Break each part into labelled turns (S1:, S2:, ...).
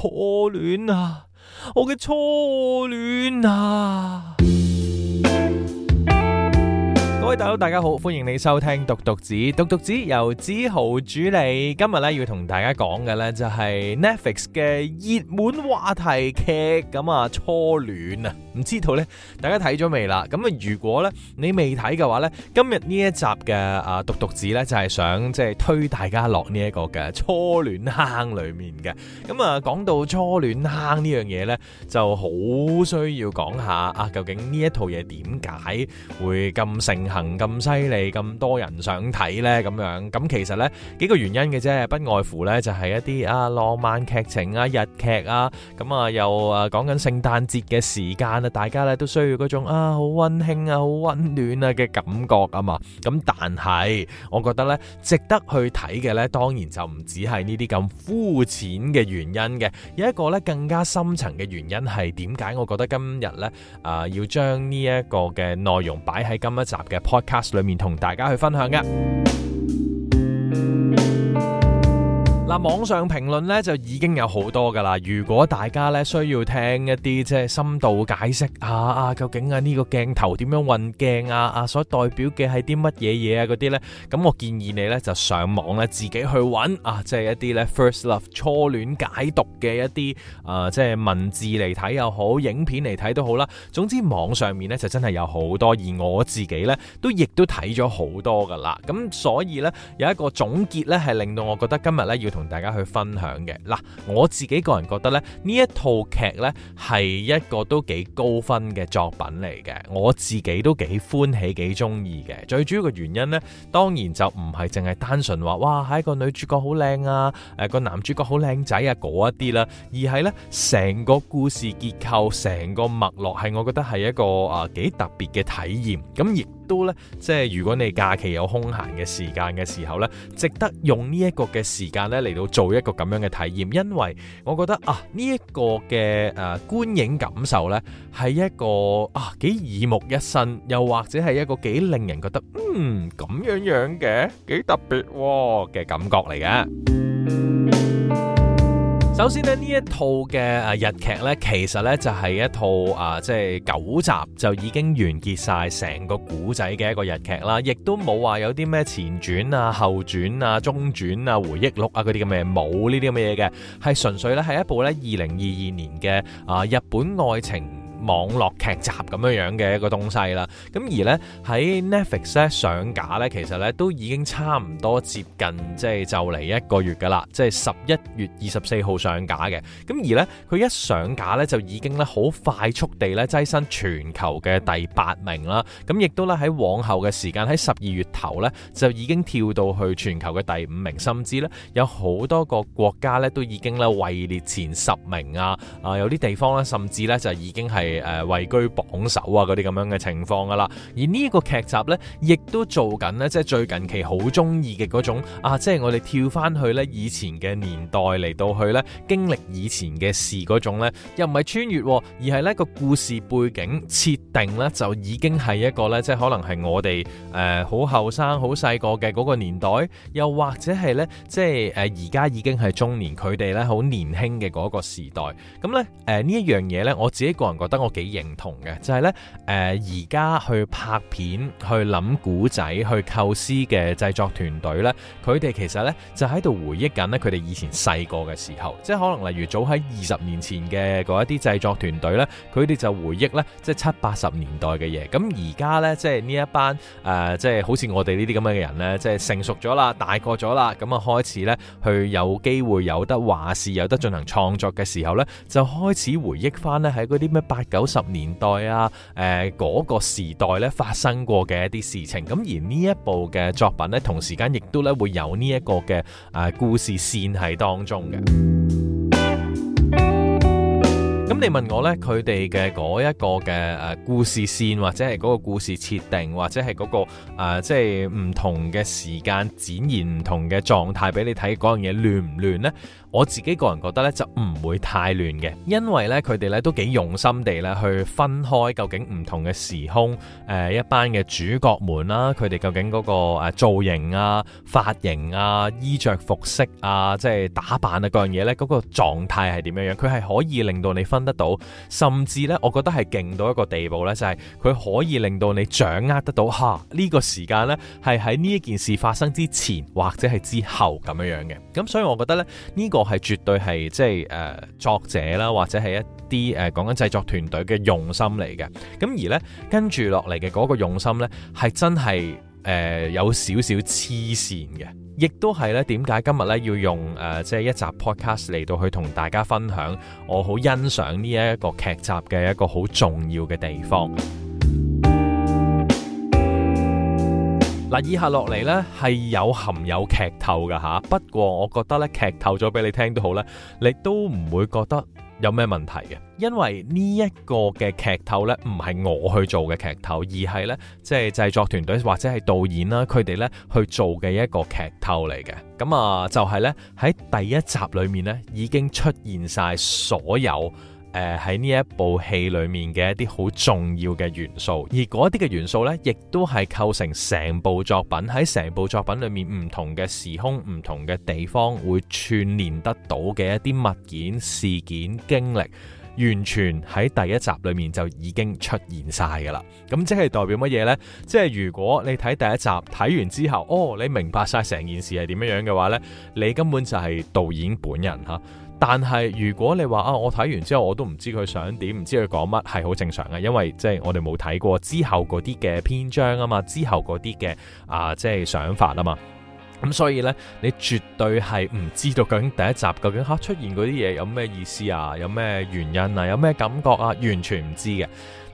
S1: 初戀啊，我嘅初戀啊！喂，hey，大家好，歡迎你收聽《獨讀子》，獨讀子由梓豪主理。今日咧要同大家講嘅咧就係 Netflix 嘅熱門話題劇，咁啊初戀啊，唔知道咧，大家睇咗未啦？咁啊如果咧你未睇嘅話咧，今日呢一集嘅啊獨讀子咧就係想即係推大家落呢一個嘅初戀坑裏面嘅。咁啊講到初戀坑呢樣嘢咧，就好需要講下啊究竟呢一套嘢點解會咁盛行？能咁犀利，咁多人想睇呢？咁樣咁，其實呢幾個原因嘅啫，不外乎呢就係一啲啊浪漫劇情啊日劇啊咁啊，又誒講緊聖誕節嘅時間啊，大家呢都需要嗰種啊好温馨啊好溫暖啊嘅感覺啊嘛。咁但係我覺得呢值得去睇嘅呢，當然就唔止係呢啲咁膚淺嘅原因嘅，有一個呢更加深層嘅原因係點解我覺得今日呢啊要將呢一個嘅內容擺喺今一集嘅。Podcast 裏面同大家去分享㗎。網上評論咧就已經有好多噶啦。如果大家咧需要聽一啲即係深度解釋啊啊，究竟啊呢個鏡頭點樣運鏡啊啊，所代表嘅係啲乜嘢嘢啊嗰啲呢？咁我建議你呢，就上網咧自己去揾啊，即係一啲咧 First Love 初戀解讀嘅一啲啊，即係文字嚟睇又好，影片嚟睇都好啦。總之網上面呢，就真係有好多，而我自己呢，都亦都睇咗好多噶啦。咁所以呢，有一個總結呢，係令到我覺得今日呢，要同。大家去分享嘅嗱，我自己個人覺得咧，呢一套劇呢，係一個都幾高分嘅作品嚟嘅，我自己都幾歡喜、幾中意嘅。最主要嘅原因呢，當然就唔係淨係單純話，哇，係、啊、個女主角好靚啊，誒、啊，個男主角好靚仔啊嗰一啲啦，而係呢成個故事結構、成個脈絡係我覺得係一個啊幾特別嘅體驗咁、嗯、而。都咧，即係如果你假期有空閒嘅時間嘅時候咧，值得用呢一個嘅時間咧嚟到做一個咁樣嘅體驗，因為我覺得啊呢一個嘅誒觀影感受咧係一個啊幾耳目一新，又或者係一個幾令人覺得嗯咁樣樣嘅幾特別喎嘅感覺嚟嘅。首先呢一套嘅誒日劇呢，其實呢就係一套啊即係九集就已經完結晒成個古仔嘅一個日劇啦，亦都冇話有啲咩前傳啊、後傳啊、中傳啊、回憶錄啊嗰啲咁嘅冇呢啲咁嘅嘢嘅，係純粹呢，係一部呢二零二二年嘅啊、呃、日本愛情。網絡劇集咁樣樣嘅一個東西啦，咁而呢，喺 Netflix 咧上架呢，其實呢都已經差唔多接近即係就嚟一個月噶啦，即係十一月二十四號上架嘅。咁而呢，佢一上架呢，就已經呢好快速地呢，躋身全球嘅第八名啦。咁亦都咧喺往後嘅時間喺十二月頭呢，就已經跳到去全球嘅第五名，甚至呢，有好多個國家呢，都已經呢位列前十名啊！啊，有啲地方呢，甚至呢，就已經係。誒、呃、位居榜首啊，嗰啲咁樣嘅情況噶啦，而個呢個劇集咧，亦都做緊咧，即係最近期好中意嘅嗰種啊，即係我哋跳翻去咧以前嘅年代嚟到去咧，經歷以前嘅事嗰種咧，又唔係穿越，哦，而係咧個故事背景設定咧就已經係一個咧，即係可能係我哋誒好後生好細個嘅嗰個年代，又或者係咧即係誒而家已經係中年，佢哋咧好年輕嘅嗰個時代，咁咧誒呢一，呃、樣嘢咧，我自己個人覺得。我幾認同嘅，就係呢，誒而家去拍片、去諗古仔、去構思嘅製作團隊呢，佢哋其實呢，就喺度回憶緊呢。佢哋以前細個嘅時候，即係可能例如早喺二十年前嘅嗰一啲製作團隊呢，佢哋就回憶呢，即係七八十年代嘅嘢。咁而家呢，即係呢一班誒、呃，即係好似我哋呢啲咁樣嘅人呢，即係成熟咗啦、大個咗啦，咁啊開始呢，去有機會有得話事、有得進行創作嘅時候呢，就開始回憶返呢，喺嗰啲咩八九十年代啊，誒、呃、嗰、那個時代咧發生過嘅一啲事情，咁而呢一部嘅作品咧，同時間亦都咧會有呢一個嘅誒、呃、故事線喺當中嘅。咁你問我咧，佢哋嘅嗰一個嘅誒故事線，或者係嗰個故事設定，或者係嗰、嗰個、呃、即係唔同嘅時間展現唔同嘅狀態俾你睇，嗰樣嘢亂唔亂呢？我自己個人覺得咧就唔會太亂嘅，因為咧佢哋咧都幾用心地咧去分開究竟唔同嘅時空誒、呃、一班嘅主角們啦，佢哋究竟嗰個造型啊、髮型啊、衣着服飾啊、即係打扮啊嗰樣嘢咧，嗰、嗰個狀態係點樣樣？佢係可以令到你分得到，甚至咧，我覺得係勁到一個地步咧，就係、是、佢可以令到你掌握得到，吓、啊、呢、這個時間咧係喺呢一件事發生之前或者係之後咁樣樣嘅。咁所以我覺得咧呢、這個係絕對係即係誒作者啦，或者係一啲誒講緊製作團隊嘅用心嚟嘅。咁而咧跟住落嚟嘅嗰個用心咧係真係。誒、呃、有少少黐線嘅，亦都係咧點解今日咧要用誒、呃、即係一集 podcast 嚟到去同大家分享，我好欣賞呢一個劇集嘅一個好重要嘅地方。嗱，以下落嚟咧係有含有劇透噶吓，不過我覺得咧劇透咗俾你聽都好咧，你都唔會覺得有咩問題嘅，因為呢一個嘅劇透咧唔係我去做嘅劇透，而係咧即係製作團隊或者係導演啦，佢哋咧去做嘅一個劇透嚟嘅。咁啊，就係咧喺第一集裏面咧已經出現晒所有。誒，喺呢、呃、一部戲裏面嘅一啲好重要嘅元素，而嗰啲嘅元素呢，亦都係構成成部作品喺成部作品裏面唔同嘅時空、唔同嘅地方會串連得到嘅一啲物件、事件、經歷，完全喺第一集裏面就已經出現晒噶啦。咁即係代表乜嘢呢？即係如果你睇第一集睇完之後，哦，你明白晒成件事係點樣樣嘅話呢，你根本就係導演本人吓。但係如果你話啊，我睇完之後我都唔知佢想點，唔知佢講乜，係好正常嘅，因為即係、就是、我哋冇睇過之後嗰啲嘅篇章啊嘛，之後嗰啲嘅啊即係想法啊嘛，咁所以呢，你絕對係唔知道究竟第一集究竟吓、啊、出現嗰啲嘢有咩意思啊，有咩原因啊，有咩感覺啊，完全唔知嘅。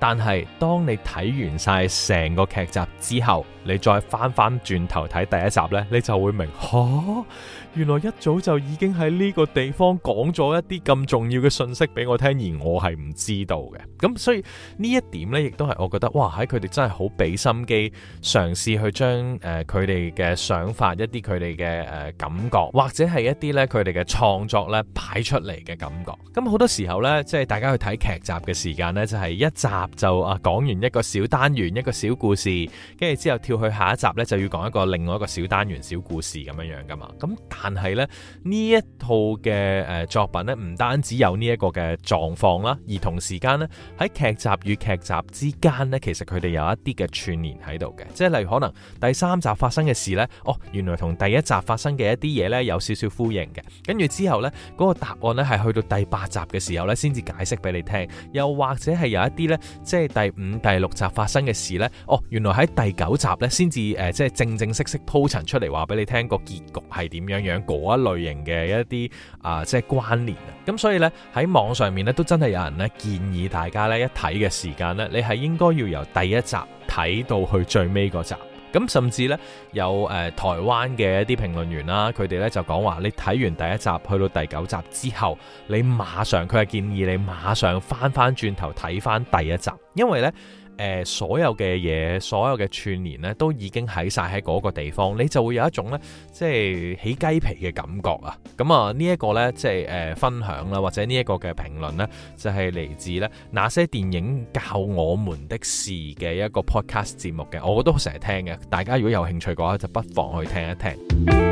S1: 但係當你睇完晒成個劇集之後，你再翻翻轉頭睇第一集呢，你就會明，哈、啊，原來一早就已經喺呢個地方講咗一啲咁重要嘅信息俾我聽，而我係唔知道嘅。咁所以呢一點呢，亦都係我覺得，哇，喺佢哋真係好俾心機，嘗試去將誒佢哋嘅想法、一啲佢哋嘅誒感覺，或者係一啲呢佢哋嘅創作呢，擺出嚟嘅感覺。咁好多時候呢，即係大家去睇劇集嘅時間呢，就係、是、一集。就啊，講完一個小單元一個小故事，跟住之後跳去下一集呢，就要講一個另外一個小單元小故事咁樣樣噶嘛。咁但係呢，呢一套嘅誒作品呢，唔單止有呢一個嘅狀況啦，而同時間呢，喺劇集與劇集之間呢，其實佢哋有一啲嘅串連喺度嘅。即係例如可能第三集發生嘅事呢，哦，原來同第一集發生嘅一啲嘢呢，有少少呼應嘅。跟住之後呢，嗰個答案呢，係去到第八集嘅時候呢，先至解釋俾你聽。又或者係有一啲呢。即係第五、第六集發生嘅事呢，哦，原來喺第九集呢，先至誒，即、呃、係正正式式鋪陳出嚟話俾你聽個結局係點樣樣嗰一類型嘅一啲啊、呃，即係關聯啊。咁所以呢，喺網上面呢都真係有人呢建議大家呢，一睇嘅時間呢，你係應該要由第一集睇到去最尾嗰集。咁甚至呢有誒、呃、台灣嘅一啲評論員啦、啊，佢哋呢就講話，你睇完第一集去到第九集之後，你馬上佢係建議你馬上翻翻轉頭睇翻第一集，因為呢，」誒所有嘅嘢，所有嘅串連咧，都已經喺晒喺嗰個地方，你就會有一種咧，即係起雞皮嘅感覺啊！咁啊，呢、這、一個呢，即係誒、呃、分享啦，或者呢一個嘅評論呢，就係、是、嚟自呢那些電影教我們的事嘅一個 Podcast 節目嘅，我都成日聽嘅。大家如果有興趣嘅話，就不妨去聽一聽。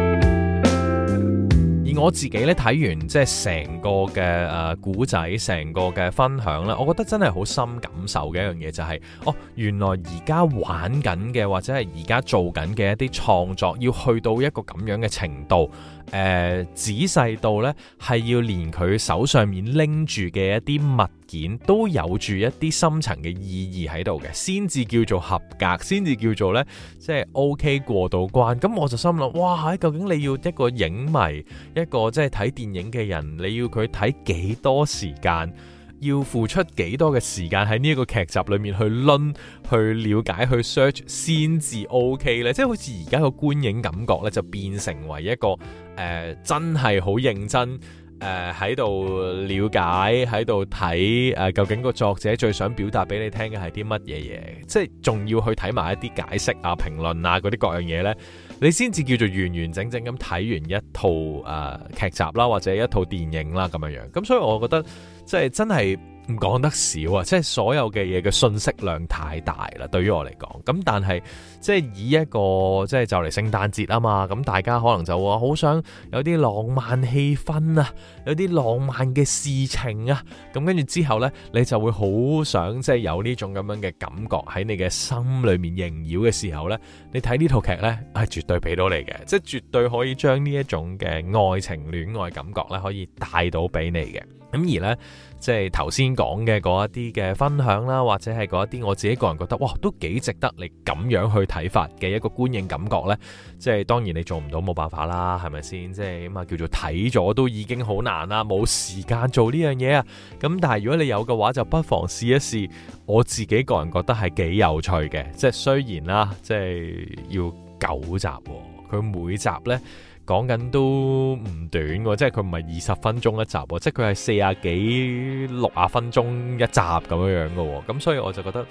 S1: 我自己咧睇完即係成個嘅誒古仔，成個嘅分享咧，我覺得真係好深感受嘅一樣嘢，就係、是，哦,原來而家玩緊嘅或者係而家做緊嘅一啲創作，要去到一個咁樣嘅程度，誒、呃，仔細到咧係要連佢手上面拎住嘅一啲物件都有住一啲深層嘅意義喺度嘅，先至叫做合格，先至叫做呢，即係 O K 過到關。咁我就心諗，哇係，究竟你要一個影迷，一個即係睇電影嘅人，你要佢睇幾多時間，要付出幾多嘅時間喺呢一個劇集裏面去輪，去了解，去 search，先至 OK 呢？即係好似而家個觀影感覺呢，就變成為一個誒、呃，真係好認真。誒，喺度、呃、了解，喺度睇，誒、呃，究竟個作者最想表達俾你聽嘅係啲乜嘢嘢？即係仲要去睇埋一啲解釋啊、評論啊嗰啲各樣嘢呢。你先至叫做完完整整咁睇完一套誒劇、呃、集啦，或者一套電影啦咁樣樣。咁所以我覺得，即係真係。唔講得少啊，即係所有嘅嘢嘅信息量太大啦。對於我嚟講，咁但係即係以一個即係就嚟聖誕節啊嘛，咁大家可能就話好想有啲浪漫氣氛啊，有啲浪漫嘅事情啊。咁跟住之後呢，你就會好想即係有呢種咁樣嘅感覺喺你嘅心裏面縈繞嘅時候呢，你睇呢套劇呢，係、啊、絕對俾到你嘅，即係絕對可以將呢一種嘅愛情戀愛感覺呢，可以帶到俾你嘅。咁而呢，即係頭先講嘅嗰一啲嘅分享啦，或者係嗰一啲我自己個人覺得，哇，都幾值得你咁樣去睇法嘅一個觀影感覺呢。即係當然你做唔到冇辦法啦，係咪先？即係咁啊，叫做睇咗都已經好難啦，冇時間做呢樣嘢啊。咁但係如果你有嘅話，就不妨試一試。我自己個人覺得係幾有趣嘅，即係雖然啦，即係要九集喎，佢每集呢。講緊都唔短喎，即係佢唔係二十分鐘一集喎，即係佢係四啊幾六啊分鐘一集咁樣樣嘅喎，咁所以我就覺得，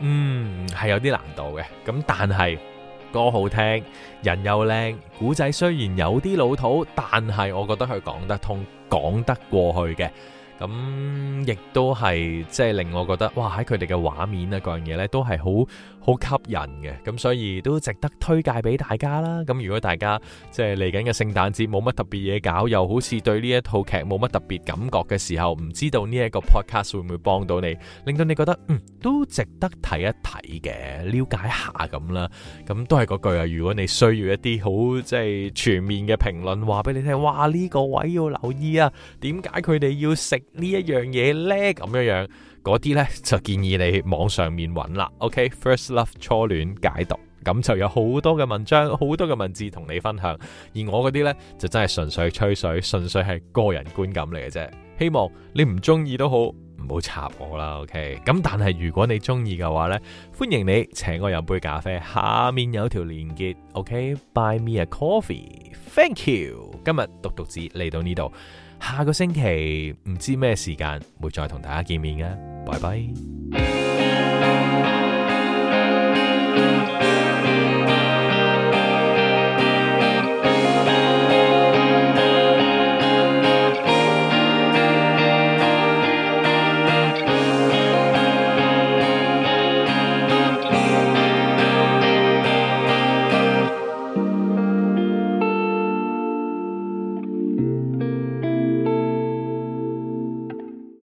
S1: 嗯，係有啲難度嘅，咁但係歌好聽，人又靚，古仔雖然有啲老土，但係我覺得佢講得通，講得過去嘅。咁亦都係即係令我覺得哇！喺佢哋嘅畫面啊，各樣嘢咧都係好好吸引嘅。咁所以都值得推介俾大家啦。咁如果大家即係嚟緊嘅聖誕節冇乜特別嘢搞，又好似對呢一套劇冇乜特別感覺嘅時候，唔知道呢一個 podcast 會唔會幫到你，令到你覺得嗯都值得睇一睇嘅，了解下咁啦。咁都係嗰句啊，如果你需要一啲好即係全面嘅評論，話俾你聽，哇！呢個位要留意啊，點解佢哋要食？呢一樣嘢咧，咁樣樣嗰啲呢，就建議你網上面揾啦。OK，First Love 初戀解讀，咁就有好多嘅文章，好多嘅文字同你分享。而我嗰啲呢，就真係純粹吹水，純粹係個人觀感嚟嘅啫。希望你唔中意都好，唔好插我啦。OK，咁但係如果你中意嘅話呢，歡迎你請我飲杯咖啡。下面有條連結，OK，buy me a coffee，thank you。今日獨讀子嚟到呢度。下個星期唔知咩時間會再同大家見面嘅啊，拜拜。